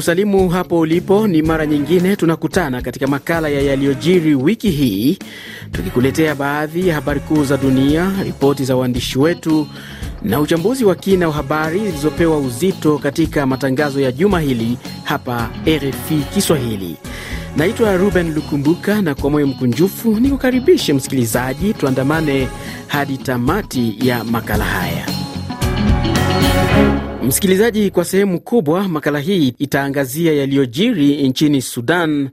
kusalimu hapo ulipo, ni mara nyingine tunakutana katika makala ya yaliyojiri wiki hii, tukikuletea baadhi ya habari kuu za dunia, ripoti za waandishi wetu na uchambuzi wa kina wa habari zilizopewa uzito katika matangazo ya juma hili hapa RFI Kiswahili. Naitwa Ruben Lukumbuka na kwa moyo mkunjufu ni kukaribishe msikilizaji, tuandamane hadi tamati ya makala haya. Msikilizaji, kwa sehemu kubwa makala hii itaangazia yaliyojiri nchini Sudan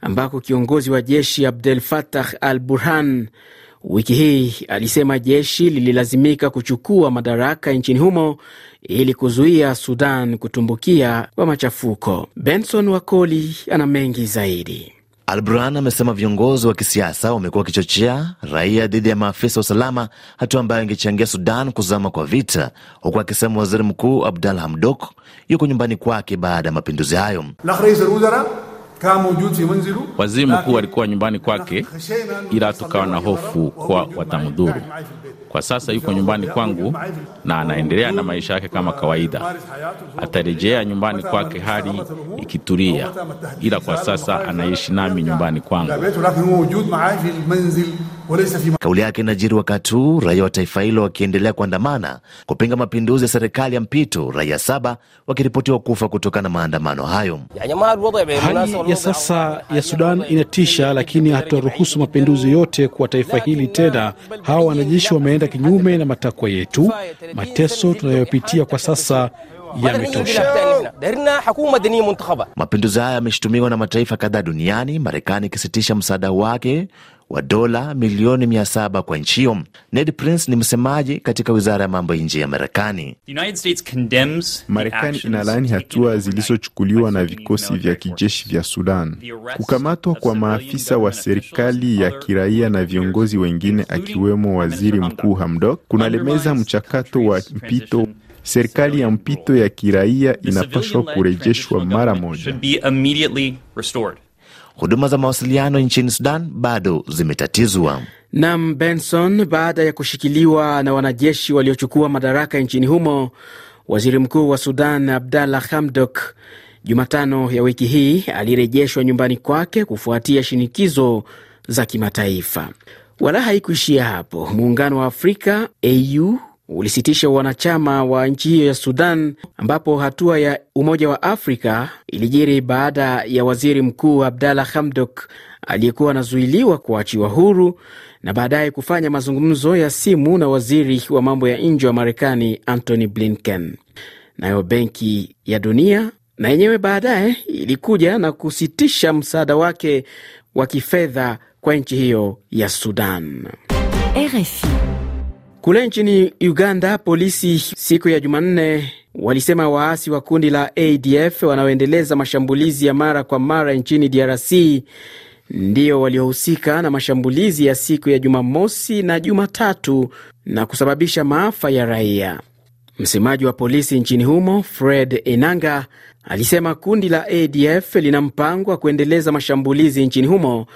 ambako kiongozi wa jeshi Abdel Fattah al-Burhan wiki hii alisema jeshi lililazimika kuchukua madaraka nchini humo ili kuzuia Sudan kutumbukia kwa machafuko. Benson Wakoli ana mengi zaidi albran amesema viongozi wa kisiasa wamekuwa wakichochea raia dhidi ya maafisa wa usalama, hatua ambayo ingechangia Sudan kuzama kwa vita, huku akisema waziri mkuu abdal Hamdok yuko nyumbani kwake baada ya mapinduzi hayo. Waziri mkuu alikuwa nyumbani kwake, ila tukawa na hofu kwa watamdhuru. Kwa sasa yuko nyumbani kwangu na anaendelea na maisha yake kama kawaida. Atarejea nyumbani kwake hali ikitulia, ila kwa sasa anaishi nami nyumbani kwangu. Kauli yake inajiri wakati huu raia wa taifa hilo wakiendelea kuandamana kupinga mapinduzi ya serikali ya mpito, raia saba wakiripotiwa kufa kutokana na maandamano hayo. Hali ya sasa ya Sudan inatisha, lakini hatuwaruhusu mapinduzi yote kwa taifa hili tena. Hawa wanajeshi wameenda yanakwenda kinyume na matakwa yetu. Mateso tunayopitia kwa sasa yametosha. Mapinduzi haya yameshutumiwa na mataifa kadhaa duniani, Marekani ikisitisha msaada wake wa dola milioni mia saba kwa nchi hiyo. Ned Prince ni msemaji katika wizara ya mambo ya nje ya Marekani. Marekani inalaani hatua zilizochukuliwa na vikosi vya kijeshi vya Sudan, kukamatwa kwa maafisa wa serikali ya kiraia na viongozi wengine akiwemo waziri mkuu Hamdok kunalemeza mchakato wa mpito. Serikali ya mpito ya kiraia inapaswa kurejeshwa mara moja huduma za mawasiliano nchini Sudan bado zimetatizwa. Nam Benson, baada ya kushikiliwa na wanajeshi waliochukua madaraka nchini humo, waziri mkuu wa Sudan Abdallah Hamdok Jumatano ya wiki hii alirejeshwa nyumbani kwake kufuatia shinikizo za kimataifa. Wala haikuishia hapo. Muungano wa Afrika au ulisitisha wanachama wa nchi hiyo ya Sudan, ambapo hatua ya Umoja wa Afrika ilijiri baada ya waziri mkuu Abdalla Hamdok aliyekuwa anazuiliwa kuachiwa huru na baadaye kufanya mazungumzo ya simu na waziri wa mambo ya nje wa Marekani Antony Blinken. Nayo Benki ya Dunia na yenyewe baadaye ilikuja na kusitisha msaada wake wa kifedha kwa nchi hiyo ya Sudan. RFI. Kule nchini Uganda, polisi siku ya Jumanne walisema waasi wa kundi la ADF wanaoendeleza mashambulizi ya mara kwa mara nchini DRC ndio waliohusika na mashambulizi ya siku ya Jumamosi na Jumatatu na kusababisha maafa ya raia. Msemaji wa polisi nchini humo Fred Enanga alisema kundi la ADF lina mpango wa kuendeleza mashambulizi nchini humo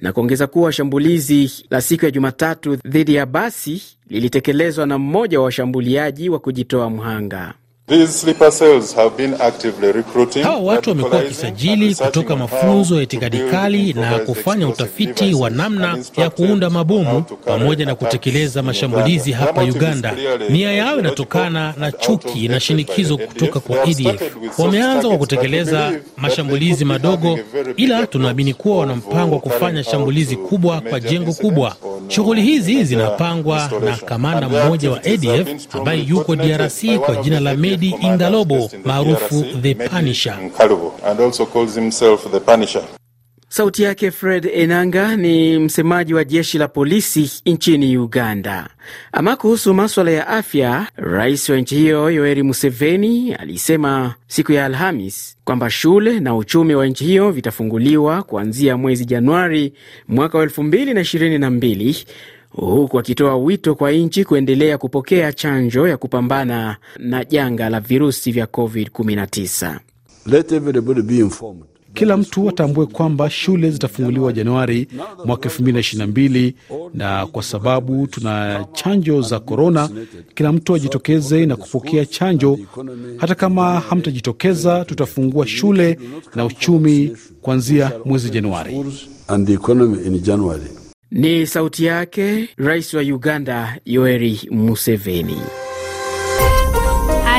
na kuongeza kuwa shambulizi la siku ya Jumatatu dhidi ya basi lilitekelezwa na mmoja wa washambuliaji wa kujitoa mhanga. Hawa watu wamekuwa wakisajili kutoka mafunzo ya itikadi kali na kufanya utafiti wa namna ya kuunda mabomu pamoja na kutekeleza mashambulizi hapa Uganda. Nia yao inatokana na chuki na shinikizo kutoka kwa ADF. E Wameanza kwa kutekeleza mashambulizi madogo, ila tunaamini kuwa wana uh, mpango wa kufanya shambulizi kubwa kwa jengo kubwa. Uh, Shughuli hizi uh, zinapangwa na kamanda mmoja wa ADF e ambaye yuko DRC kwa jina la Saidi Ingalobo maarufu The Punisher. Sauti yake Fred Enanga ni msemaji wa jeshi la polisi nchini Uganda. Ama kuhusu maswala ya afya, rais wa nchi hiyo Yoweri Museveni alisema siku ya Alhamis kwamba shule na uchumi wa nchi hiyo vitafunguliwa kuanzia mwezi Januari mwaka wa 2022 huku akitoa wito kwa nchi kuendelea kupokea chanjo ya kupambana na janga la virusi vya COVID-19. Kila mtu atambue kwamba shule zitafunguliwa Januari mwaka 2022 na kwa sababu tuna chanjo za korona, kila mtu ajitokeze na kupokea chanjo. Hata kama hamtajitokeza, tutafungua shule na uchumi kuanzia mwezi Januari. Ni sauti yake Rais wa Uganda Yoweri Museveni.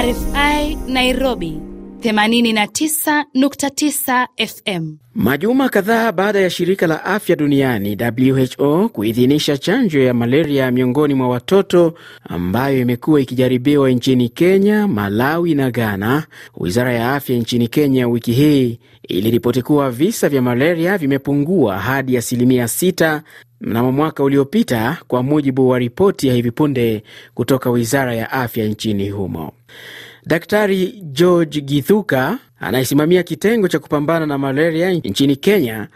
RFI Nairobi 89.9 FM. Majuma kadhaa baada ya shirika la afya duniani WHO kuidhinisha chanjo ya malaria miongoni mwa watoto ambayo imekuwa ikijaribiwa nchini Kenya, Malawi na Ghana, wizara ya afya nchini Kenya wiki hii iliripoti kuwa visa vya malaria vimepungua hadi asilimia 6 mnamo mwaka uliopita, kwa mujibu wa ripoti ya hivi punde kutoka wizara ya afya nchini humo. Daktari George Githuka anayesimamia kitengo cha kupambana na malaria nchini Kenya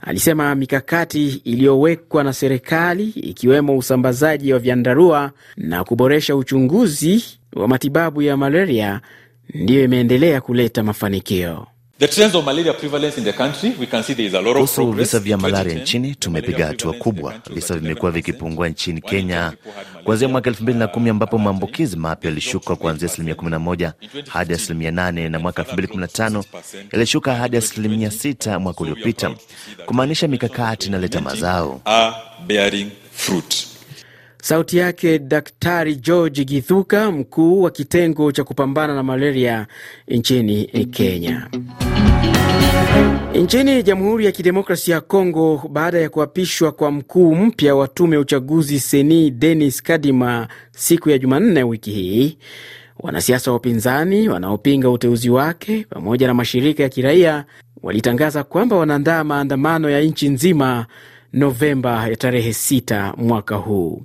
alisema mikakati iliyowekwa na serikali ikiwemo usambazaji wa vyandarua na kuboresha uchunguzi wa matibabu ya malaria ndiyo imeendelea kuleta mafanikio. Kuhusu visa vya malaria nchini, tumepiga hatua kubwa. Visa vimekuwa vikipungua nchini Kenya kuanzia mwaka 2010 ambapo maambukizi mapya yalishuka kuanzia asilimia 11 hadi asilimia 8 na mwaka 215 yalishuka hadi asilimia 6 mwaka uliopita, kumaanisha mikakati inaleta mazao. Sauti yake Daktari George Githuka, mkuu wa kitengo cha kupambana na malaria nchini Kenya. Nchini Jamhuri ya Kidemokrasia ya Kongo, baada ya kuapishwa kwa mkuu mpya wa tume ya uchaguzi Seni Denis Kadima siku ya Jumanne wiki hii, wanasiasa wa upinzani wanaopinga uteuzi wake pamoja na mashirika ya kiraia walitangaza kwamba wanaandaa maandamano ya nchi nzima Novemba ya tarehe 6 mwaka huu.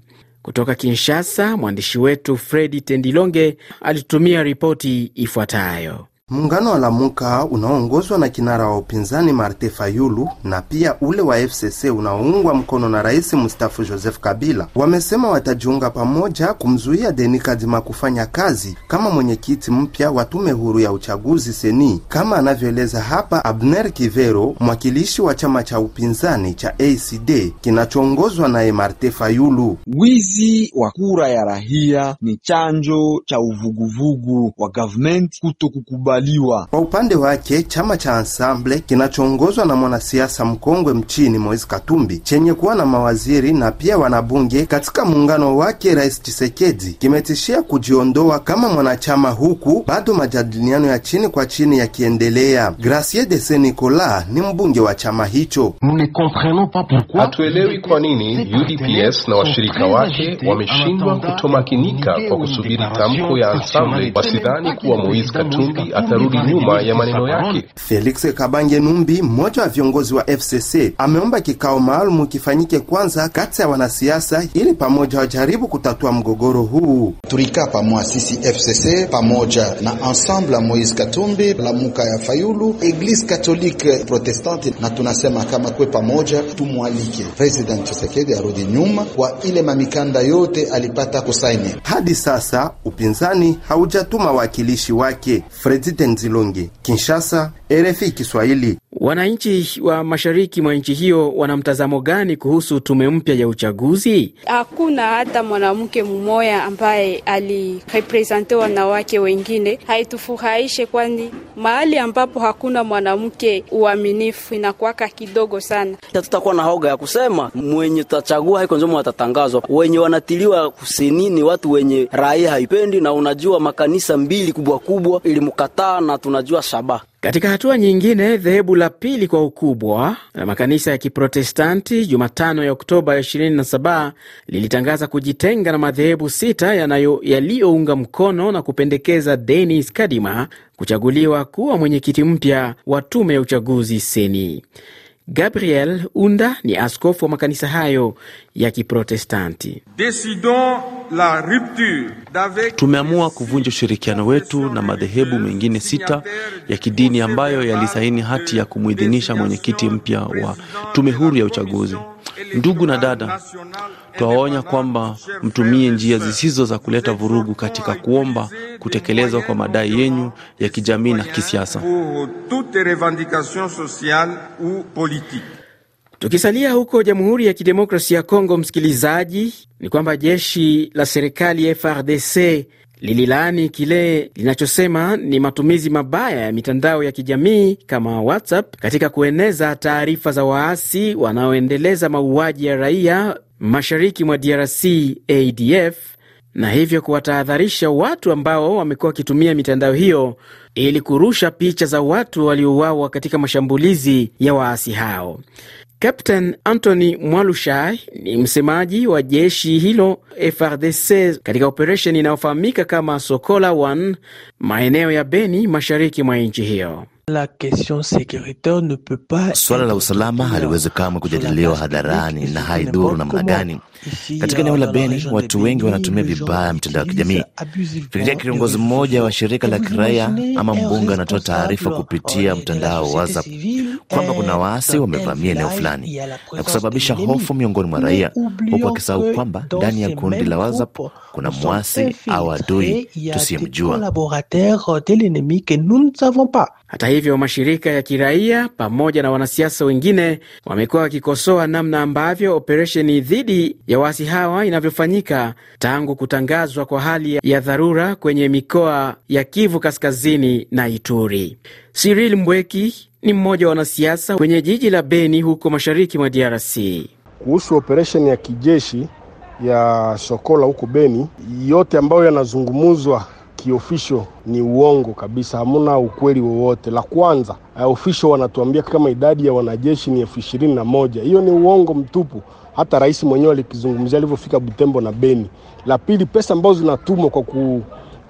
Kutoka Kinshasa, mwandishi wetu Fredi Tendilonge alitumia ripoti ifuatayo. Muungano wa Lamuka unaoongozwa na kinara wa upinzani Marte Fayulu na pia ule wa FCC unaoungwa mkono na rais mustafu Joseph Kabila wamesema watajiunga pamoja kumzuia Deni Kadima kufanya kazi kama mwenyekiti mpya wa tume huru ya uchaguzi seni, kama anavyoeleza hapa Abner Kivero, mwakilishi wa chama cha upinzani cha ACD kinachoongozwa naye Marte Fayulu. Wizi wa kura ya rahia ni chanjo cha uvuguvugu wa government kuto kukubali kutawaliwa. Kwa upande wake chama cha Ensemble kinachoongozwa na mwanasiasa mkongwe mchini Moise Katumbi chenye kuwa na mawaziri na pia wanabunge katika muungano wake Rais chisekedi kimetishia kujiondoa kama mwanachama, huku bado majadiliano ya chini kwa chini yakiendelea. Gracie de Saint Nicolas ni mbunge wa chama hicho. Hatuelewi kwa nini UDPS na washirika wake wameshindwa kutomakinika kwa kusubiri tamko ya Ensemble, wasidhani kuwa Moise Katumbi atarudi nyuma ya maneno yake. Felix Kabange Numbi, mmoja wa viongozi wa FCC, ameomba kikao maalumu kifanyike kwanza kati ya wanasiasa ili pamoja wajaribu kutatua mgogoro huu. Tulikaa pamoja sisi FCC pamoja na ensemble ya Moise Katumbi, Lamuka ya Fayulu, Eglise Katolike Protestante, na tunasema kama kwe pamoja tumwalike President chisekedi arudi nyuma kwa ile mamikanda yote alipata kusaini. Hadi sasa upinzani haujatuma wakilishi wake Fredi Sweden Zilonge, Kinshasa, RFI Kiswahili. Wananchi wa mashariki mwa nchi hiyo wana mtazamo gani kuhusu tume mpya ya uchaguzi? Hakuna hata mwanamke mmoya ambaye alirepresente wanawake wengine, haitufurahishe, kwani mahali ambapo hakuna mwanamke uaminifu inakuwaka kidogo sana. Hatutakuwa na hoga ya kusema mwenye tutachagua haiko njomo watatangazwa. Wenye wanatiliwa kusini ni watu wenye raia haipendi, na unajua makanisa mbili kubwa kubwa ilimkataa, na tunajua shabaha katika hatua nyingine, dhehebu la pili kwa ukubwa la makanisa ya Kiprotestanti Jumatano ya Oktoba 27 lilitangaza kujitenga na madhehebu sita yaliyounga mkono na kupendekeza Denis Kadima kuchaguliwa kuwa mwenyekiti mpya wa tume ya uchaguzi seni. Gabriel Unda ni askofu wa makanisa hayo ya Kiprotestanti. Decidons la rupture. Tumeamua kuvunja ushirikiano wetu na madhehebu mengine sita ya kidini ambayo yalisaini hati ya kumwidhinisha mwenyekiti mpya wa tume huru ya uchaguzi. Ndugu na dada, twawaonya kwamba mtumie njia zisizo za kuleta vurugu katika kuomba kutekelezwa kwa madai yenyu ya kijamii na kisiasa. Tukisalia huko Jamhuri ya kidemokrasi ya Kongo, msikilizaji, ni kwamba jeshi la serikali FRDC lililaani kile linachosema ni matumizi mabaya ya mitandao ya kijamii kama WhatsApp katika kueneza taarifa za waasi wanaoendeleza mauaji ya raia mashariki mwa DRC ADF na hivyo kuwatahadharisha watu ambao wamekuwa wakitumia mitandao hiyo ili kurusha picha za watu waliouawa katika mashambulizi ya waasi hao. Captain Anthony Mwalushai ni msemaji wa jeshi hilo FRDC katika operesheni inayofahamika kama Sokola 1 maeneo ya Beni mashariki mwa nchi hiyo. Suala la usalama haliwezi kamwe kujadiliwa hadharani na haidhuru namna gani. Katika euh, eneo la Beni, watu wengi wanatumia vibaya mtandao wa kijamii. Fikiria kiongozi mmoja wa shirika la kiraia ama mbunge anatoa taarifa kupitia mtandao wa WhatsApp kwamba kuna waasi wamevamia eneo fulani na kusababisha hofu miongoni mwa raia, huku akisahau kwamba ndani ya kundi la WhatsApp kuna mwasi au adui tusiyemjua. Hata hivyo mashirika ya kiraia pamoja na wanasiasa wengine wamekuwa wakikosoa namna ambavyo operesheni dhidi ya waasi hawa inavyofanyika tangu kutangazwa kwa hali ya dharura kwenye mikoa ya Kivu Kaskazini na Ituri. siril Mbweki ni mmoja wa wanasiasa kwenye jiji la Beni huko mashariki mwa DRC. Kuhusu operesheni ya kijeshi ya Sokola huko Beni, yote ambayo yanazungumuzwa kiofisho ni uongo kabisa, hamna ukweli wowote. La kwanza eh, ofisho wanatuambia kama idadi ya wanajeshi ni elfu ishirini na moja. Hiyo ni uongo mtupu, hata rais mwenyewe alikizungumzia alivyofika Butembo na Beni. La pili, pesa ambazo zinatumwa kwa ku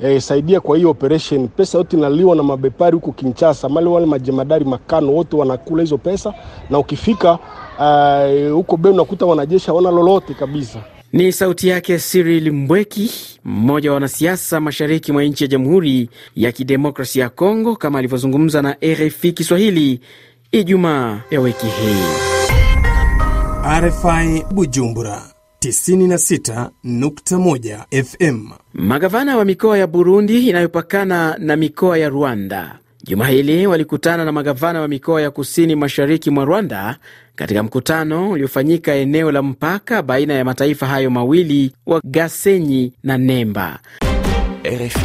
E, saidia kwa hiyo operation, pesa yote inaliwa na mabepari huko Kinshasa, mali wale majemadari makano wote wanakula hizo pesa, na ukifika eh, huko uh, Beni unakuta wanajeshi hawana lolote kabisa. Ni sauti yake siril Mbweki, mmoja wa wanasiasa mashariki mwa nchi ya Jamhuri ya Kidemokrasia ya Kongo, kama alivyozungumza na RFI Kiswahili Ijumaa ya wiki hii. RFI Bujumbura 96.1 FM. Magavana wa mikoa ya Burundi inayopakana na mikoa ya Rwanda Juma hili walikutana na magavana wa mikoa ya kusini mashariki mwa Rwanda katika mkutano uliofanyika eneo la mpaka baina ya mataifa hayo mawili wa Gasenyi na Nemba. RFI.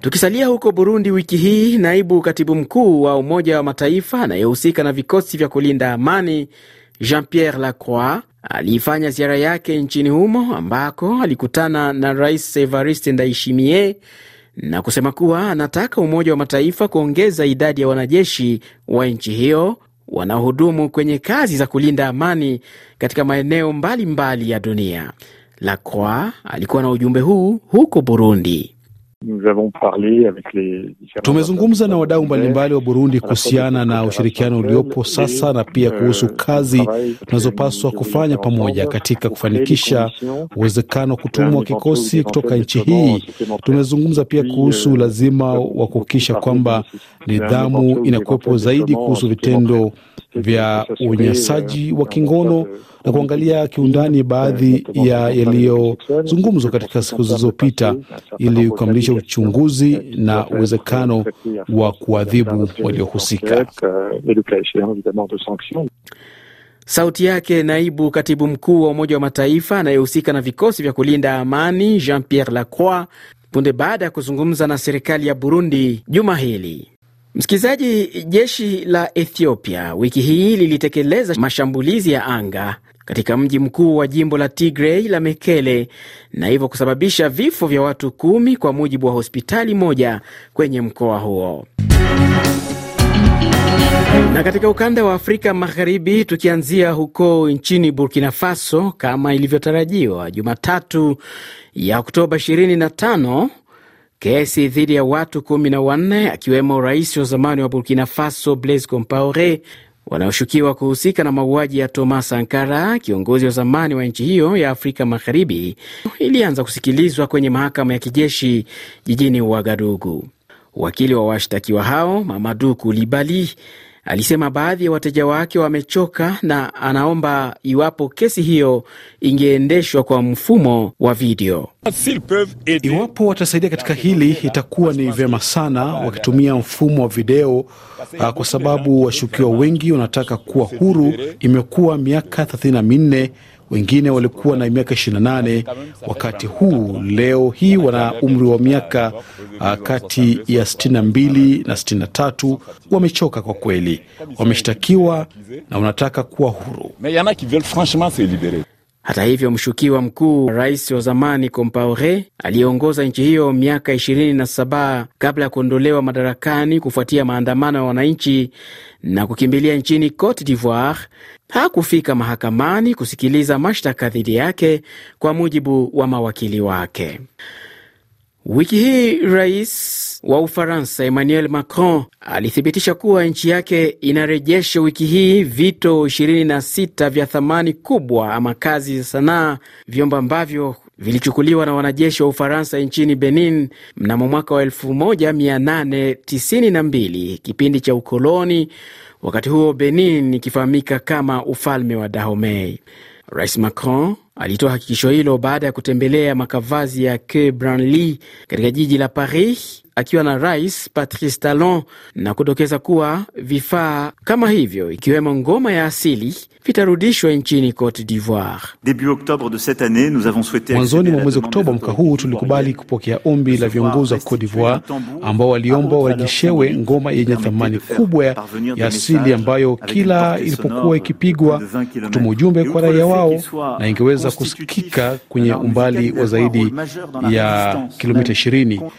Tukisalia huko Burundi, wiki hii naibu katibu mkuu wa Umoja wa Mataifa anayehusika na vikosi vya kulinda amani Jean-Pierre Lacroix aliifanya ziara yake nchini humo ambako alikutana na Rais Evariste Ndayishimiye na kusema kuwa anataka Umoja wa Mataifa kuongeza idadi ya wanajeshi wa nchi hiyo wanaohudumu kwenye kazi za kulinda amani katika maeneo mbalimbali mbali ya dunia. Lacroix alikuwa na ujumbe huu huko Burundi. Tumezungumza na wadau mbalimbali wa Burundi kuhusiana na ushirikiano uliopo sasa na pia euh, kuhusu kazi tunazopaswa kufanya pamoja katika kufanikisha uwezekano wa kutumwa kikosi kutoka nchi hii. Tumezungumza pia kuhusu euh, lazima wa kuhakikisha kwamba nidhamu inakuwepo zaidi kuhusu vitendo vya unyanyasaji wa kingono na kuangalia kiundani baadhi ya yaliyozungumzwa katika siku zilizopita ili kukamilisha uchunguzi na uwezekano wa kuadhibu waliohusika. Sauti yake naibu katibu mkuu wa Umoja wa Mataifa anayehusika na vikosi vya kulinda amani Jean Pierre Lacroix punde baada ya kuzungumza na serikali ya Burundi juma hili. Msikilizaji, jeshi la Ethiopia wiki hii lilitekeleza mashambulizi ya anga katika mji mkuu wa jimbo la tigrey la Mekele na hivyo kusababisha vifo vya watu kumi kwa mujibu wa hospitali moja kwenye mkoa huo. Na katika ukanda wa Afrika Magharibi, tukianzia huko nchini Burkina Faso, kama ilivyotarajiwa Jumatatu ya Oktoba 25 Kesi dhidi ya watu kumi na wanne akiwemo rais wa zamani wa Burkina Faso Blaise Compaore wanaoshukiwa kuhusika na mauaji ya Thomas Sankara, kiongozi wa zamani wa nchi hiyo ya Afrika Magharibi, ilianza kusikilizwa kwenye mahakama ya kijeshi jijini Wagadugu. Wakili wa washtakiwa hao Mamadu Kulibali Alisema baadhi ya wateja wake wamechoka na anaomba iwapo kesi hiyo ingeendeshwa kwa mfumo wa video. Iwapo watasaidia katika hili, itakuwa ni vyema sana wakitumia mfumo wa video, uh, kwa sababu washukiwa wengi wanataka kuwa huru. Imekuwa miaka 34 wengine walikuwa na miaka 28 wakati huu, leo hii wana umri wa miaka uh, kati ya 62 na 63. Wamechoka kwa kweli, wameshtakiwa na wanataka kuwa huru. Hata hivyo, mshukiwa mkuu rais wa zamani Compaore aliyeongoza nchi hiyo miaka 27 kabla ya kuondolewa madarakani kufuatia maandamano ya wananchi na kukimbilia nchini Cote d'Ivoire hakufika mahakamani kusikiliza mashtaka dhidi yake, kwa mujibu wa mawakili wake. Wiki hii rais wa Ufaransa Emmanuel Macron alithibitisha kuwa nchi yake inarejesha wiki hii vito 26 vya thamani kubwa ama kazi za sanaa, vyombo ambavyo vilichukuliwa na wanajeshi wa Ufaransa nchini Benin mnamo mwaka wa 1892 kipindi cha ukoloni, wakati huo Benin ikifahamika kama ufalme wa Dahomey. Rais Macron alitoa hakikisho hilo baada ya kutembelea makavazi ya Que Branly katika jiji la Paris akiwa na Rais Patrice Talon na kudokeza kuwa vifaa kama hivyo ikiwemo ngoma ya asili vitarudishwa nchini Cote d'Ivoire. Mwanzoni mwa mwezi Oktoba mwaka huu tulikubali kupokea ombi la viongozi wa Cote d'Ivoire ambao waliomba warejeshewe ngoma yenye thamani kubwa ya asili ambayo kila ilipokuwa ikipigwa kutuma ujumbe kwa raia wao na ingeweza kusikika kwenye umbali wa zaidi ya kilomita 20.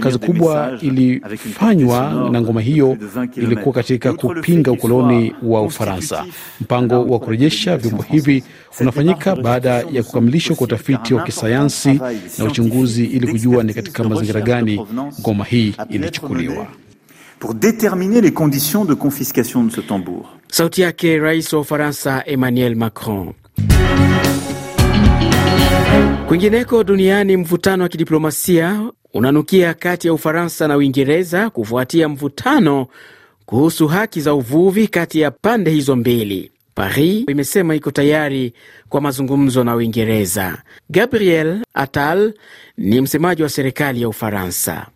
Kazi kubwa ilifanywa na ngoma hiyo ilikuwa katika kupinga ukoloni wa Ufaransa. Mpango wa kurejesha vyombo hivi unafanyika baada ya kukamilishwa kwa utafiti wa kisayansi na uchunguzi ili kujua ni katika mazingira gani ngoma hii ilichukuliwa pour déterminer les conditions de confiscation de ce tambour. Sauti yake Rais wa Ufaransa Emmanuel Macron. Kwingineko duniani, mvutano wa kidiplomasia unanukia kati ya Ufaransa na Uingereza kufuatia mvutano kuhusu haki za uvuvi kati ya pande hizo mbili. Paris imesema iko tayari kwa mazungumzo na Uingereza. Gabriel Attal ni msemaji wa serikali ya Ufaransa.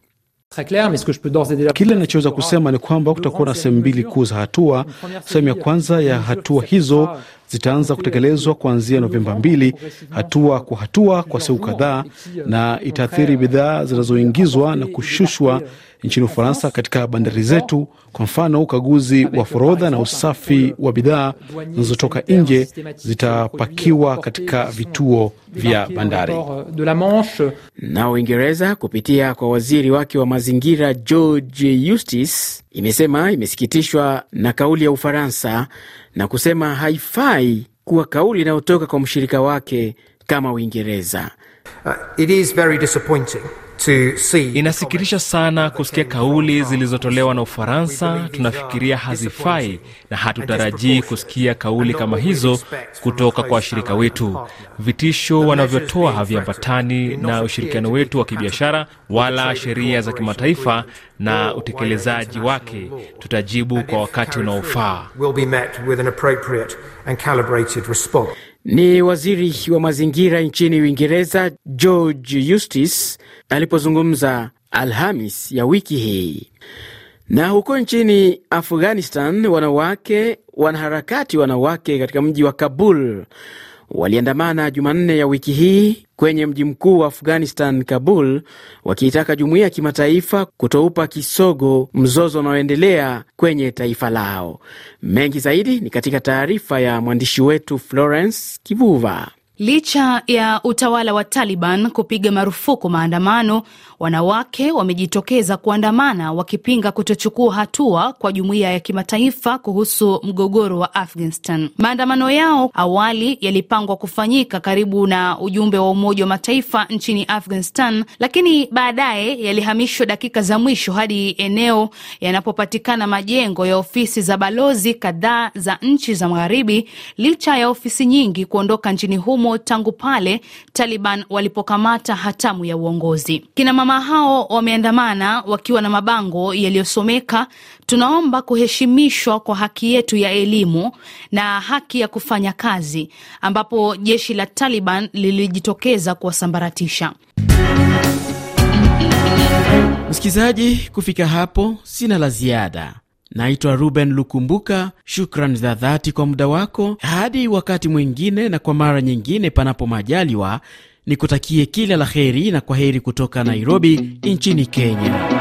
Kile inachoweza kusema ni kwamba kutakuwa na sehemu mbili kuu za hatua. Sehemu ya kwanza ya hatua hizo zitaanza kutekelezwa kuanzia Novemba mbili, hatua kwa hatua kwa siku kadhaa, na itaathiri bidhaa zinazoingizwa na kushushwa nchini Ufaransa katika bandari zetu. Kwa mfano, ukaguzi wa forodha na usafi wa bidhaa zinazotoka nje zitapakiwa katika vituo vya bandari. Na Uingereza kupitia kwa waziri wake wa mazingira George Eustace imesema imesikitishwa na kauli ya Ufaransa na kusema haifai kuwa kauli inayotoka kwa mshirika wake kama Uingereza. Uh, Inasikitisha sana kusikia kauli zilizotolewa na Ufaransa. Tunafikiria hazifai na hatutarajii kusikia kauli kama hizo kutoka kwa washirika wetu. Vitisho wanavyotoa haviambatani na ushirikiano wetu wa kibiashara wala sheria za kimataifa na utekelezaji wake. Tutajibu kwa wakati unaofaa. Ni waziri wa mazingira nchini Uingereza George Eustace alipozungumza Alhamis ya wiki hii. Na huko nchini Afghanistan, wanawake wanaharakati wanawake katika mji wa Kabul waliandamana Jumanne ya wiki hii kwenye mji mkuu wa Afghanistan, Kabul, wakiitaka jumuiya ya kimataifa kutoupa kisogo mzozo unaoendelea kwenye taifa lao. Mengi zaidi ni katika taarifa ya mwandishi wetu Florence Kivuva. Licha ya utawala wa Taliban kupiga marufuku maandamano, wanawake wamejitokeza kuandamana wakipinga kutochukua hatua kwa jumuiya ya kimataifa kuhusu mgogoro wa Afghanistan. Maandamano yao awali yalipangwa kufanyika karibu na ujumbe wa Umoja wa Mataifa nchini Afghanistan, lakini baadaye yalihamishwa dakika za mwisho hadi eneo yanapopatikana majengo ya ofisi za balozi kadhaa za nchi za Magharibi, licha ya ofisi nyingi kuondoka nchini humo humo tangu pale Taliban walipokamata hatamu ya uongozi. Kinamama hao wameandamana wakiwa na mabango yaliyosomeka, tunaomba kuheshimishwa kwa haki yetu ya elimu na haki ya kufanya kazi, ambapo jeshi la Taliban lilijitokeza kuwasambaratisha. Msikilizaji, kufika hapo sina la ziada. Naitwa Ruben Lukumbuka. Shukran za dhati kwa muda wako. Hadi wakati mwingine, na kwa mara nyingine, panapo majaliwa, nikutakie kila la heri na kwa heri kutoka Nairobi nchini Kenya.